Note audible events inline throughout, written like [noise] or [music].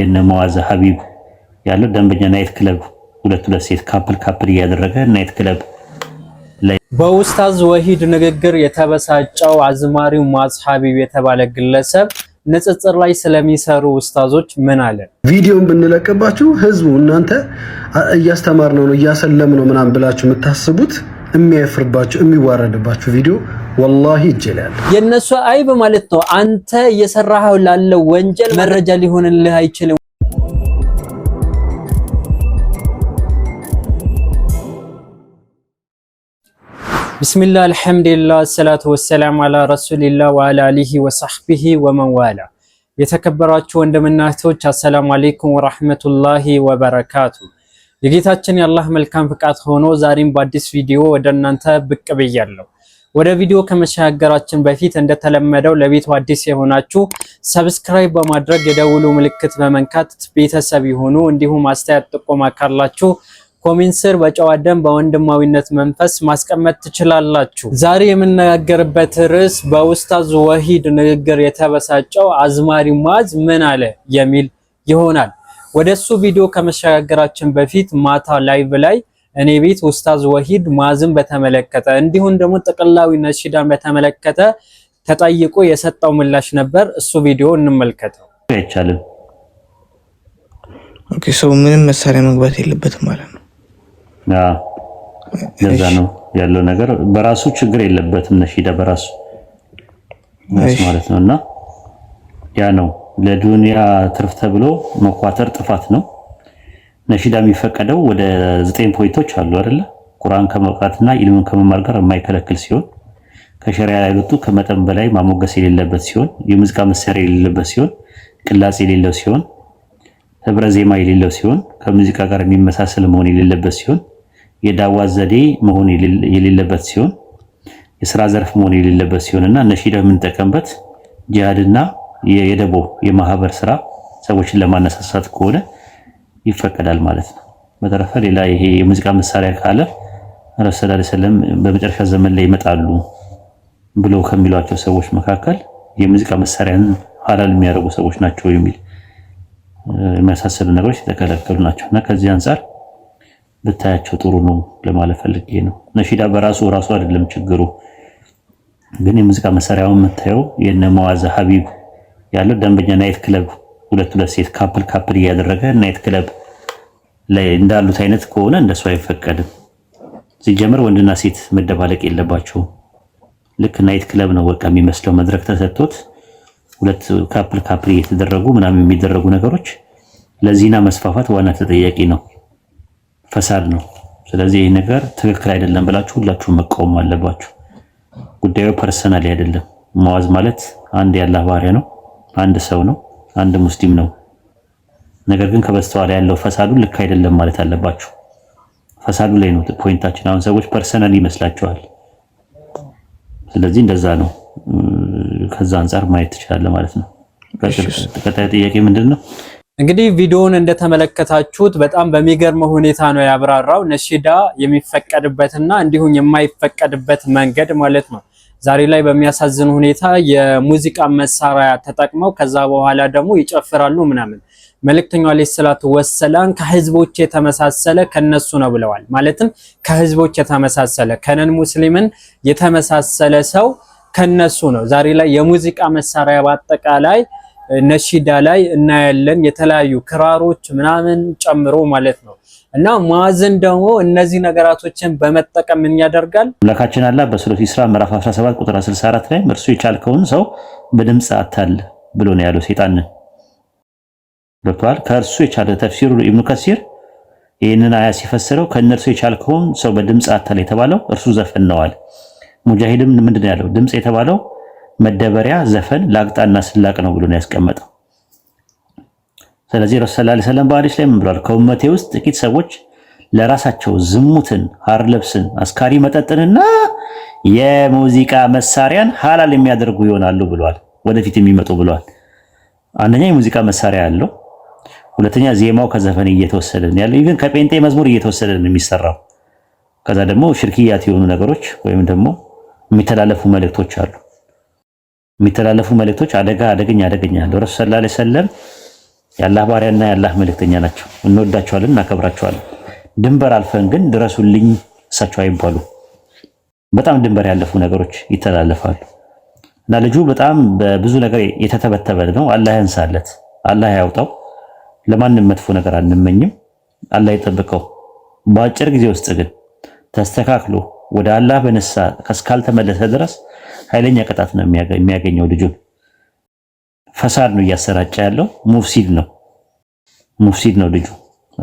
የነ መዋዘ ሀቢብ ያለው ደንበኛ ናይት ክለብ ሁለት ሁለት ሴት ካፕል ካፕል እያደረገ ናይት ክለብ በኡስታዝ ወሂድ ንግግር የተበሳጨው አዝማሪው ሙአዝ ሀቢብ የተባለ ግለሰብ ንጽጽር ላይ ስለሚሰሩ ኡስታዞች ምን አለ? ቪዲዮን ብንለቅባችሁ ህዝቡ እናንተ እያስተማር ነው ነው እያሰለም ነው ምናምን ብላችሁ የምታስቡት የሚያፍርባችሁ የሚዋረድባችሁ ቪዲዮ ወላሂ ይጀላል። የእነሱ አይብ ማለት ነው አንተ እየሰራኸው ላለው ወንጀል መረጃ ሊሆንልህ አይችልም። ብስሚላ አልሐምዱሊላ ሰላቱ ወሰላም አላ ረሱሊላ ወአላ አሊሂ ወሳህቢሂ ወመንዋላ። የተከበራችሁ ወንድምና እህቶች አሰላሙ አሌይኩም ወራህመቱላሂ ወበረካቱ። የጌታችን የአላህ መልካም ፍቃድ ሆኖ ዛሬም በአዲስ ቪዲዮ ወደ እናንተ ብቅ ብያለሁ። ወደ ቪዲዮ ከመሸጋገራችን በፊት እንደተለመደው ለቤቱ አዲስ የሆናችሁ ሰብስክራይብ በማድረግ የደውሉ ምልክት በመንካት ቤተሰብ ይሁኑ። እንዲሁም አስተያየት ጥቆማ ካላችሁ ኮሜንት ስር በጨዋ ደም በወንድማዊነት መንፈስ ማስቀመጥ ትችላላችሁ። ዛሬ የምነጋገርበት ርዕስ በኡስታዝ ወሂድ ንግግር የተበሳጨው አዝማሪ ሙአዝ ምን አለ የሚል ይሆናል። ወደሱ ቪዲዮ ከመሸጋገራችን በፊት ማታ ላይቭ ላይ እኔ ቤት ኡስታዝ ወሂድ ሙአዝን በተመለከተ እንዲሁም ደግሞ ጥቅላዊ ነሽዳን በተመለከተ ተጠይቆ የሰጠው ምላሽ ነበር። እሱ ቪዲዮ እንመልከተው። አይቻልም። ኦኬ፣ ሰው ምንም መሳሪያ መግባት የለበትም ማለት ነው። አዎ ለዛ ነው ያለው ነገር በራሱ ችግር የለበትም። ነሽዳ በራሱ ማለት ነውና ያ ነው ለዱንያ ትርፍ ተብሎ መኳተር ጥፋት ነው። ነሺዳ የሚፈቀደው ወደ ዘጠኝ ፖይንቶች አሉ አይደለ? ቁርአን ከመቅራትና ኢልምን ከመማር ጋር የማይከለክል ሲሆን ከሸሪያ ያልወጡ ከመጠን በላይ ማሞገስ የሌለበት ሲሆን የሙዚቃ መሳሪያ የሌለበት ሲሆን ቅላጽ የሌለው ሲሆን ህብረ ዜማ የሌለው ሲሆን ከሙዚቃ ጋር የሚመሳሰል መሆን የሌለበት ሲሆን የዳዋ ዘዴ መሆን የሌለበት ሲሆን የስራ ዘርፍ መሆን የሌለበት ሲሆን እና ነሺዳ የምንጠቀምበት ጂሃድና የደቦ የማህበር ስራ ሰዎችን ለማነሳሳት ከሆነ ይፈቀዳል ማለት ነው። በተረፈ ሌላ ይሄ የሙዚቃ መሳሪያ ካለ ረሱ ላ ሰለም በመጨረሻ ዘመን ላይ ይመጣሉ ብለው ከሚሏቸው ሰዎች መካከል የሙዚቃ መሳሪያን ሀላል የሚያደርጉ ሰዎች ናቸው የሚል የሚያሳስሉ ነገሮች የተከለከሉ ናቸው እና ከዚህ አንጻር ብታያቸው ጥሩ ነው ለማለት ፈልጌ ነው። ነሺዳ በራሱ ራሱ አይደለም ችግሩ፣ ግን የሙዚቃ መሳሪያውን የምታየው የነ መዋዘ ሀቢብ ያለው ደንበኛ ናይት ክለብ ሁለት ሁለት ሴት ካፕል ካፕል እያደረገ ናይት ክለብ ላይ እንዳሉት አይነት ከሆነ እንደሱ አይፈቀድም። ሲጀምር ወንድና ሴት መደባለቅ የለባቸውም። ልክ ናይት ክለብ ነው በቃ የሚመስለው መድረክ ተሰጥቶት ሁለት ካፕል ካፕል እየተደረጉ ምናምን የሚደረጉ ነገሮች ለዚህና መስፋፋት ዋና ተጠያቂ ነው ፈሳድ ነው። ስለዚህ ይህ ነገር ትክክል አይደለም ብላችሁ ሁላችሁ መቃወም አለባችሁ። ጉዳዩ ፐርሰናል አይደለም። መዋዝ ማለት አንድ ያላህ ባሪያ ነው። አንድ ሰው ነው። አንድ ሙስሊም ነው። ነገር ግን ከበስተኋላ ያለው ፈሳዱ ልክ አይደለም ማለት አለባችሁ። ፈሳዱ ላይ ነው ፖይንታችን። አሁን ሰዎች ፐርሰናል ይመስላቸዋል። ስለዚህ እንደዛ ነው። ከዛ አንጻር ማየት ትችላለህ ማለት ነው። ቀጣይ ጥያቄ ምንድን ነው? እንግዲህ ቪዲዮውን እንደተመለከታችሁት በጣም በሚገርም ሁኔታ ነው ያብራራው ነሺዳ የሚፈቀድበትና እንዲሁም የማይፈቀድበት መንገድ ማለት ነው። ዛሬ ላይ በሚያሳዝን ሁኔታ የሙዚቃ መሳሪያ ተጠቅመው ከዛ በኋላ ደግሞ ይጨፍራሉ ምናምን። መልእክተኛው ዓለይሂ ሰላቱ ወሰላም ከህዝቦች የተመሳሰለ ከነሱ ነው ብለዋል። ማለትም ከህዝቦች የተመሳሰለ ከነን ሙስሊምን የተመሳሰለ ሰው ከነሱ ነው። ዛሬ ላይ የሙዚቃ መሳሪያ በአጠቃላይ ነሺዳ ላይ እናያለን የተለያዩ ክራሮች ምናምን ጨምሮ ማለት ነው። እና ሙአዝን ደግሞ እነዚህ ነገራቶችን በመጠቀም ምን ያደርጋል? አምላካችን አላህ በሱረት ኢስራ ምዕራፍ 17 ቁጥር 64 ላይ እርሱ የቻልከውን ሰው በድምፅ አታል ብሎ ነው ያለው ሰይጣን ገብተዋል። ከእርሱ የቻለ ተፍሲሩ ኢብኑ ከሲር ይህንን አያ ሲፈስረው ከእነርሱ የቻልከውን ሰው በድምፅ አታል የተባለው እርሱ ዘፈን ነዋል። ሙጃሂድም ምንድን ያለው ድምፅ የተባለው መደበሪያ ዘፈን ላግጣና ስላቅ ነው ብሎ ነው ያስቀመጠው። ስለዚህ ረሱል ሰለላሁ ዐለይሂ ወሰለም በሐዲስ ላይ ምን ብሏል? ከኡመቴ ውስጥ ጥቂት ሰዎች ለራሳቸው ዝሙትን፣ ሐር ልብስን፣ አስካሪ መጠጥንና የሙዚቃ መሳሪያን ሐላል የሚያደርጉ ይሆናሉ ብሏል። ወደፊት የሚመጡ ብሏል። አንደኛ የሙዚቃ መሳሪያ ያለው፣ ሁለተኛ ዜማው ከዘፈን እየተወሰደ ነው ያለው። ኢቭን ከጴንጤ መዝሙር እየተወሰደ ነው የሚሰራው። ከዛ ደግሞ ሽርክያት የሆኑ ነገሮች ወይም ደግሞ የሚተላለፉ መልእክቶች አሉ። የሚተላለፉ መልእክቶች አደጋ አደገኛ አደገኛ አለው ረሱል ሰለላሁ ዐለይሂ ወሰለም የአላህ ባሪያና የአላህ መልእክተኛ ናቸው። እንወዳቸዋለን፣ እናከብራቸዋለን። ድንበር አልፈን ግን ድረሱልኝ እሳቸው አይባሉ። በጣም ድንበር ያለፉ ነገሮች ይተላለፋሉ እና ልጁ በጣም በብዙ ነገር የተተበተበ ነው። አላህ ያንሳለት፣ አላህ ያውጣው። ለማንም መጥፎ ነገር አንመኝም። አላህ ይጠብቀው። በአጭር ጊዜ ውስጥ ግን ተስተካክሎ ወደ አላህ በንሳ እስካልተመለሰ ድረስ ኃይለኛ ቅጣት ነው የሚያገኘው ልጁ። ፈሳድ ነው እያሰራጨ ያለው ሙፍሲድ ነው ሙፍሲድ ነው ልጁ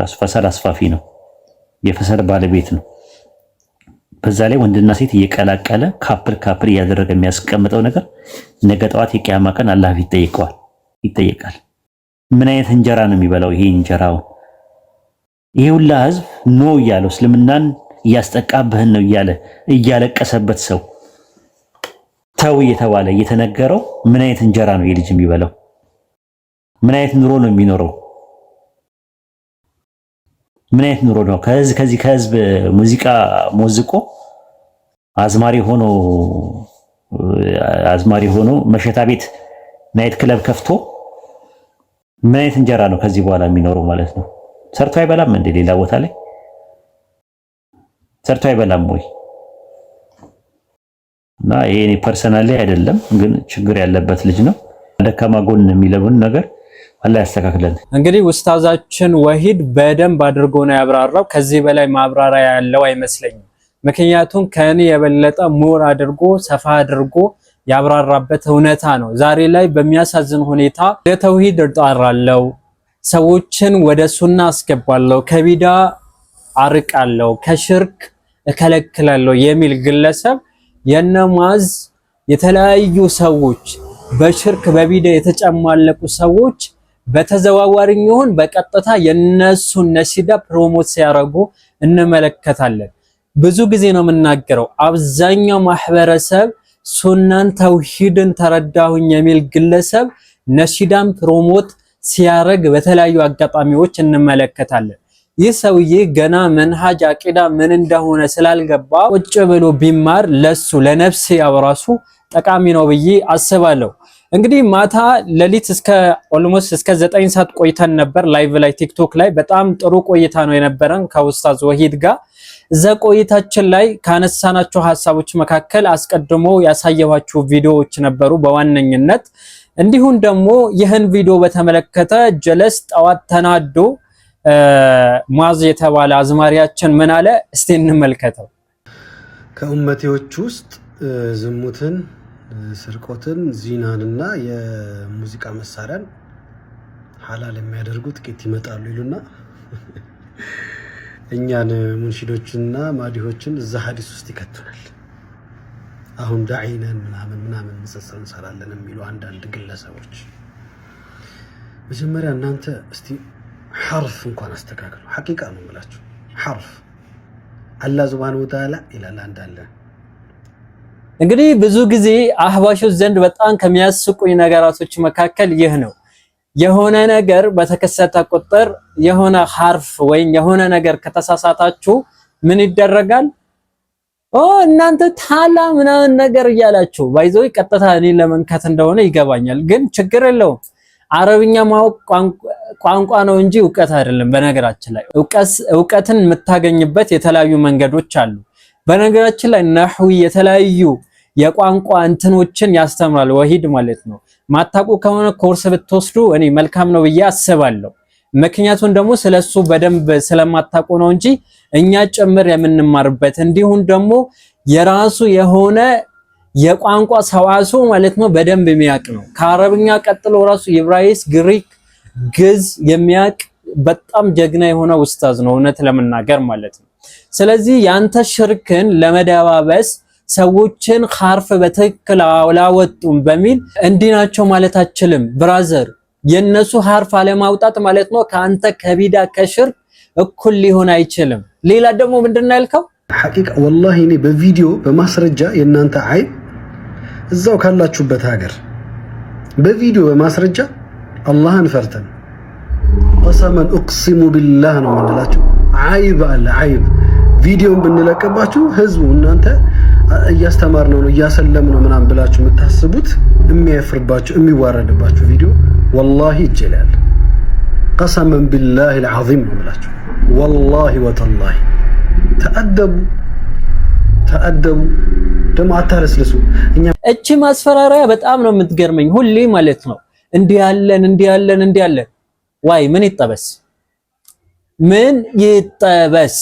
ራሱ ፈሳድ አስፋፊ ነው የፈሳድ ባለቤት ነው በዛ ላይ ወንድና ሴት እየቀላቀለ ካፕል ካፕል እያደረገ የሚያስቀምጠው ነገር ነገ ጠዋት የቅያማ ቀን አላህ ይጠይቀዋል ይጠየቃል ምን አይነት እንጀራ ነው የሚበላው ይሄ እንጀራው ይሄ ሁላ ህዝብ ኖ እያለው እስልምናን እያስጠቃብህን ነው እያለ እያለቀሰበት ሰው ተው እየተባለ እየተነገረው ምን አይነት እንጀራ ነው የልጅ የሚበላው? ምን አይነት ኑሮ ነው የሚኖረው? ምን አይነት ኑሮ ነው? ከዚህ ከዚህ ከህዝብ ሙዚቃ ሞዝቆ አዝማሪ ሆኖ አዝማሪ ሆኖ መሸታ ቤት ናይት ክለብ ከፍቶ ምን አይነት እንጀራ ነው ከዚህ በኋላ የሚኖረው ማለት ነው? ሰርቶ አይበላም እንደ ሌላ ቦታ ላይ ሰርቶ አይበላም ወይ? እና ይሄ እኔ ፐርሰናል አይደለም ግን ችግር ያለበት ልጅ ነው። ደካማ ጎን የሚለውን ነገር አላህ ያስተካክለን። እንግዲህ ውስታዛችን ወሂድ በደንብ አድርጎ ነው ያብራራው። ከዚህ በላይ ማብራሪያ ያለው አይመስለኝም። ምክንያቱም ከእኔ የበለጠ ሞር አድርጎ ሰፋ አድርጎ ያብራራበት እውነታ ነው። ዛሬ ላይ በሚያሳዝን ሁኔታ ለተውሂድ እጣራለሁ፣ ሰዎችን ወደ ሱና አስገባለሁ፣ ከቢዳ አርቃለሁ፣ ከሽርክ እከለክላለሁ የሚል ግለሰብ የነማዝ የተለያዩ ሰዎች በሽርክ በቢደ የተጨማለቁ ሰዎች በተዘዋዋሪ ይሁን በቀጥታ የነሱን ነሲዳ ፕሮሞት ሲያደርጉ እንመለከታለን። ብዙ ጊዜ ነው የምናገረው። አብዛኛው ማህበረሰብ ሱናን፣ ተውሂድን ተረዳሁኝ የሚል ግለሰብ ነሺዳን ፕሮሞት ሲያደርግ በተለያዩ አጋጣሚዎች እንመለከታለን። ይህ ሰውዬ ገና መንሃጅ አቂዳ ምን እንደሆነ ስላልገባ ቁጭ ብሎ ቢማር ለሱ ለነፍስ ያው ራሱ ጠቃሚ ነው ብዬ አስባለሁ። እንግዲህ ማታ ሌሊት እስከ ኦልሞስት እስከ ዘጠኝ ሰዓት ቆይተን ነበር ላይቭ ላይ ቲክቶክ ላይ በጣም ጥሩ ቆይታ ነው የነበረን ከውስታዝ ወሂድ ጋር። እዛ ቆይታችን ላይ ካነሳናቸው ሀሳቦች መካከል አስቀድሞ ያሳየኋችሁ ቪዲዮዎች ነበሩ በዋነኝነት እንዲሁም ደግሞ ይህን ቪዲዮ በተመለከተ ጀለስ ጠዋት ተናዶ ሙዓዝ የተባለ አዝማሪያችን ምን አለ? እስቲ እንመልከተው። ከኡመቴዎች ውስጥ ዝሙትን፣ ስርቆትን፣ እና የሙዚቃ መሳሪያን ሀላል የሚያደርጉ ጥቂት ይመጣሉ ይሉና [laughs] እኛን ሙንሺዶችንና ማዲሆችን እዛ ሀዲስ ውስጥ ይከቱናል። አሁን ዳዒነን ምናምን ምናምን ንጽጽር እንሰራለን የሚሉ አንዳንድ ግለሰቦች መጀመሪያ እናንተ እስቲ ሐርፍ እንኳን አስተካክሉ። ሐቂቃ ነው የምላችሁ። ሐርፍ አላህ ሱብሃነሁ ወተዓላ ይላል አንድ አለ። እንግዲህ ብዙ ጊዜ አህባሾች ዘንድ በጣም ከሚያስቁኝ ነገራቶች መካከል ይህ ነው። የሆነ ነገር በተከሰተ ቁጥር የሆነ ሐርፍ ወይም የሆነ ነገር ከተሳሳታችሁ ምን ይደረጋል? ኦ እናንተ ታላ ምናምን ነገር እያላችሁ ባይዞ ቀጥታ እኔን ለመንከት እንደሆነ ይገባኛል፣ ግን ችግር የለውም አረብኛ ማወቅ ቋንቋ ነው እንጂ እውቀት አይደለም። በነገራችን ላይ እውቀትን የምታገኝበት የተለያዩ መንገዶች አሉ። በነገራችን ላይ ነህዊ የተለያዩ የቋንቋ እንትኖችን ያስተምራል ወሂድ ማለት ነው። ማታቁ ከሆነ ኮርስ ብትወስዱ እኔ መልካም ነው ብዬ አስባለሁ። ምክንያቱም ደግሞ ስለሱ በደንብ ስለማታቁ ነው እንጂ እኛ ጭምር የምንማርበት እንዲሁም ደግሞ የራሱ የሆነ የቋንቋ ሰዋሱ ማለት ነው በደንብ የሚያውቅ ነው። ከአረብኛ ቀጥሎ ራሱ ኢብራይስ ግሪክ ግዝ የሚያቅ በጣም ጀግና የሆነ ውስታዝ ነው፣ እውነት ለመናገር ማለት ነው። ስለዚህ ያንተ ሽርክን ለመደባበስ ሰዎችን ሐርፍ በትክክል አላወጡም በሚል እንዲህ ናቸው ማለት አችልም። ብራዘር የነሱ ሐርፍ አለማውጣት ማለት ነው ከአንተ ከቢዳ ከሽርክ እኩል ሊሆን አይችልም። ሌላ ደግሞ ምንድን ነው ያልከው? ሐቂቃ ወላሂ እኔ በቪዲዮ በማስረጃ የእናንተ አይብ እዛው ካላችሁበት ሀገር በቪዲዮ በማስረጃ አላህን ፈርተን ቀሰመን እቅሲሙ ቢላህ ነው የምንላቸው። አይብ አለ አይብ ቪዲዮን ብንለቅባችሁ ህዝቡ እናንተ እያስተማር ነው እያሰለም ነው ምናምን ብላችሁ የምታስቡት የሚያፍርባችሁ የሚዋረድባችሁ ቪዲዮ ወላሂ ይጀላል። ቀሰመን ቢላህ ልዓዚም ነው ብላችሁ ወላሂ ወተላሂ ተአደቡ ተአደቡ። ደግሞ አታለስልሱ። እቺ ማስፈራሪያ በጣም ነው የምትገርመኝ ሁሌ ማለት ነው። እንዲህ ያለን እንዲህ ያለን እንዲህ ያለን ዋይ ምን ይጠበስ ምን ይጠበስ?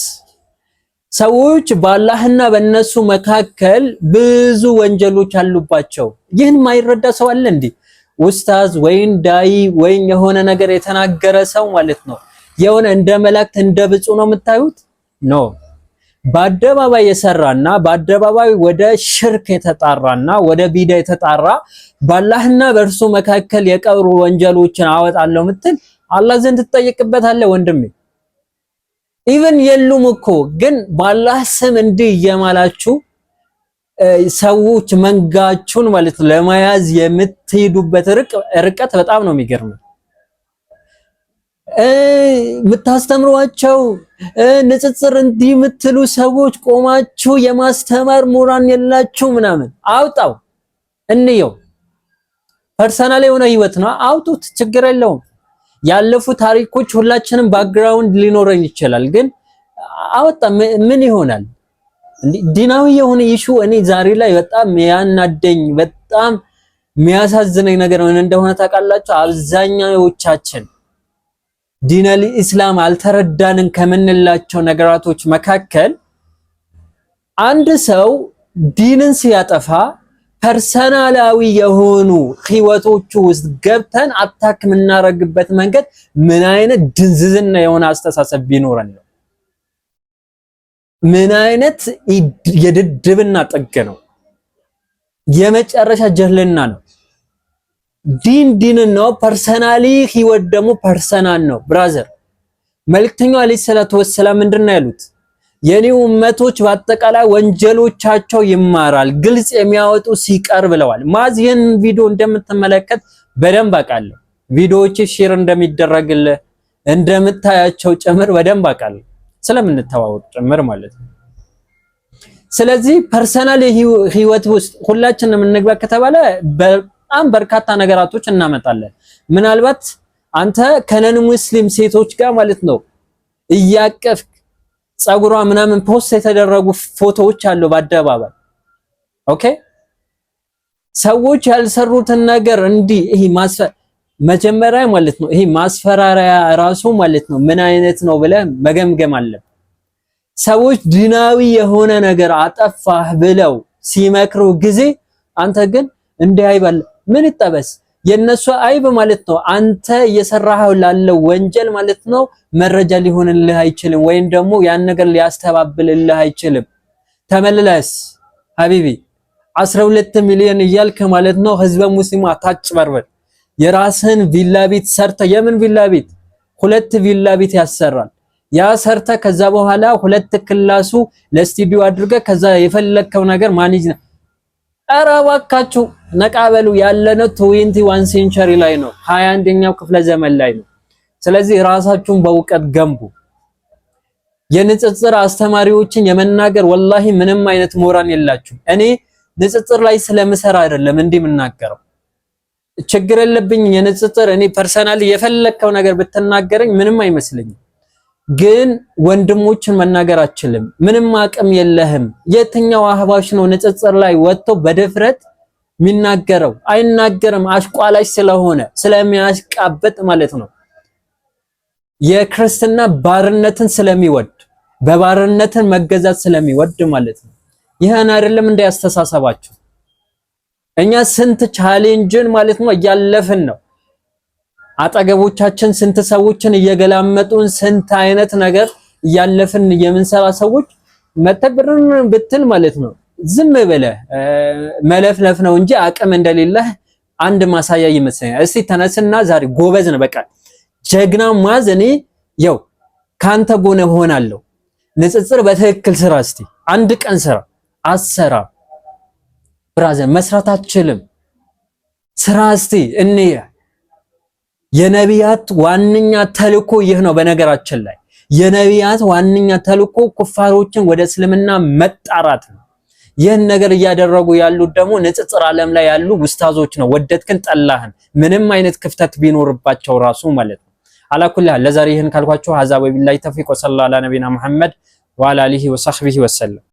ሰዎች በአላህና በእነሱ መካከል ብዙ ወንጀሎች አሉባቸው። ይህን ማይረዳ ሰው አለ እንዴ? ኡስታዝ ወይን ዳይ ወይን የሆነ ነገር የተናገረ ሰው ማለት ነው የሆነ እንደ መላእክት እንደ ብፁ ነው የምታዩት ኖ በአደባባይ የሰራና በአደባባይ ወደ ሽርክ የተጣራና ወደ ቢዳ የተጣራ ባላህና በእርሱ መካከል የቀብሩ ወንጀሎችን አወጣለሁ ምትል አላህ ዘንድ ትጠየቅበታለህ ወንድሜ። ኢቭን የሉም እኮ ግን ባላህ ስም እንዲህ እየማላችሁ ሰዎች መንጋችሁን ማለት ለመያዝ የምትሄዱበት ርቀት በጣም ነው የሚገርመው። የምታስተምሯቸው ንጽጽር እንዲህ የምትሉ ሰዎች ቆማችሁ የማስተማር ሙራን የላችሁ ምናምን አውጣው፣ እንየው። ፐርሰናል የሆነ ህይወት ነው፣ አውጡት፣ ችግር የለውም። ያለፉ ታሪኮች ሁላችንም ባክግራውንድ ሊኖረን ይችላል፣ ግን አወጣ ምን ይሆናል? ዲናዊ የሆነ ይሹ እኔ ዛሬ ላይ በጣም ያናደኝ በጣም የሚያሳዝነኝ ነገር ምን እንደሆነ ታውቃላችሁ? አብዛኛዎቻችን ዲነል ኢስላም አልተረዳንን ከምንላቸው ነገራቶች መካከል አንድ ሰው ዲንን ሲያጠፋ ፐርሰናላዊ የሆኑ ህይወቶቹ ውስጥ ገብተን አታክ የምናረግበት መንገድ ምን አይነት ድንዝዝና የሆነ አስተሳሰብ ቢኖረን ነው? ምን አይነት የድድብና ጥግ ነው? የመጨረሻ ጀህልና ነው። ዲን ዲን ነው። ፐርሰናሊ ህይወት ደግሞ ፐርሰናል ነው ብራዘር። መልእክተኛው አለይሂ ሰላቱ ወሰላም ምንድን ነው ያሉት? የኔ ኡመቶች በአጠቃላይ ወንጀሎቻቸው ይማራል ግልጽ የሚያወጡ ሲቀር ብለዋል። ማዝ ይህን ቪዲዮ እንደምትመለከት በደንብ አውቃለሁ። ቪዲዮዎች ሼር እንደሚደረግልህ እንደምታያቸው ጭምር በደንብ አውቃለሁ፣ ስለምንተዋወቅ ጭምር ማለት ነው። ስለዚህ ፐርሰናል ህይወት ውስጥ ሁላችንም እንግባ ከተባለ በጣም በርካታ ነገራቶች እናመጣለን። ምናልባት አንተ ከነን ሙስሊም ሴቶች ጋር ማለት ነው እያቀፍ ጸጉሯ ምናምን ፖስት የተደረጉ ፎቶዎች አሉ በአደባባይ ኦኬ። ሰዎች ያልሰሩትን ነገር እንዲህ ይሄ መጀመሪያ ማለት ነው ይሄ ማስፈራሪያ ራሱ ማለት ነው ምን አይነት ነው ብለ መገምገም አለ። ሰዎች ድናዊ የሆነ ነገር አጠፋህ ብለው ሲመክሩ ጊዜ አንተ ግን እንዲህ አይባል ምን ይጠበስ? የነሱ አይብ ማለት ነው። አንተ እየሰራኸው ላለው ወንጀል ማለት ነው መረጃ ሊሆንልህ አይችልም፣ ወይም ደግሞ ያን ነገር ሊያስተባብልልህ አይችልም። ተመልለስ ሀቢቢ 12 ሚሊዮን እያልክ ማለት ነው ህዝበ ሙስሊሙ አታጭበርበር። የራስህን ቪላ ቤት ሰርተ የምን ቪላ ቤት ሁለት ቪላ ቤት ያሰራል ያ ሰርተ ከዛ በኋላ ሁለት ክላሱ ለስቱዲዮ አድርገ ከዛ የፈለከው ነገር ማኔጅ ኧረ እባካችሁ ነቃ ያለነው ትዌንቲ ዋን ሴንቸሪ ላይ ነው፣ ሀያ አንደኛው ክፍለ ዘመን ላይ ነው። ስለዚህ ራሳችሁን በእውቀት ገንቡ። የንጽጽር አስተማሪዎችን የመናገር ወላሂ ምንም አይነት ሞራን የላችሁ። እኔ ንጽጽር ላይ ስለምሰራ አይደለም እንዲህ የምናገረው ችግር የለብኝ። የንጽጽር እኔ ፐርሰናል የፈለከው ነገር ብትናገረኝ ምንም አይመስለኝም። ግን ወንድሞችን መናገር አችልም፣ ምንም አቅም የለህም። የትኛው አህባሽ ነው ንጽጽር ላይ ወጥቶ በድፍረት የሚናገረው? አይናገርም። አሽቋላሽ ስለሆነ ስለሚያሽቃበጥ ማለት ነው። የክርስትና ባርነትን ስለሚወድ በባርነትን መገዛት ስለሚወድ ማለት ነው። ይህን አይደለም እንዳያስተሳሰባችሁ። እኛ ስንት ቻሌንጅን ማለት ነው እያለፍን ነው አጠገቦቻችን ስንት ሰዎችን እየገላመጡን ስንት አይነት ነገር እያለፍን የምንሰራ ሰዎች መተብርን ብትል ማለት ነው ዝም ብለህ መለፍለፍ ነው እንጂ አቅም እንደሌለህ አንድ ማሳያ ይመስለኛል። እስቲ ተነስና ዛሬ ጎበዝ ነው በቃ ጀግና ማዝ እኔ ያው ካንተ ጎን እሆናለሁ። ንጽጽር በትክክል ስራ። እስቲ አንድ ቀን ስራ አሰራ ብራዘር መስራት አትችልም። ስራ እስቲ እንያ የነቢያት ዋነኛ ተልኮ ይህ ነው። በነገራችን ላይ የነቢያት ዋነኛ ተልኮ ኩፋሮችን ወደ እስልምና መጣራት ነው። ይህን ነገር እያደረጉ ያሉት ደግሞ ንጽጽር ዓለም ላይ ያሉ ውስታዞች ነው። ወደድክን ጠላህን፣ ምንም አይነት ክፍተት ቢኖርባቸው ራሱ ማለት ነው። አላኩላ ለዛሬ ይህን ካልኳችሁ ሀዛ ወቢላይ ተፊቆ ሰለላ ነቢና መሐመድ ወአላ አሊሂ ወሰህቢሂ ወሰለም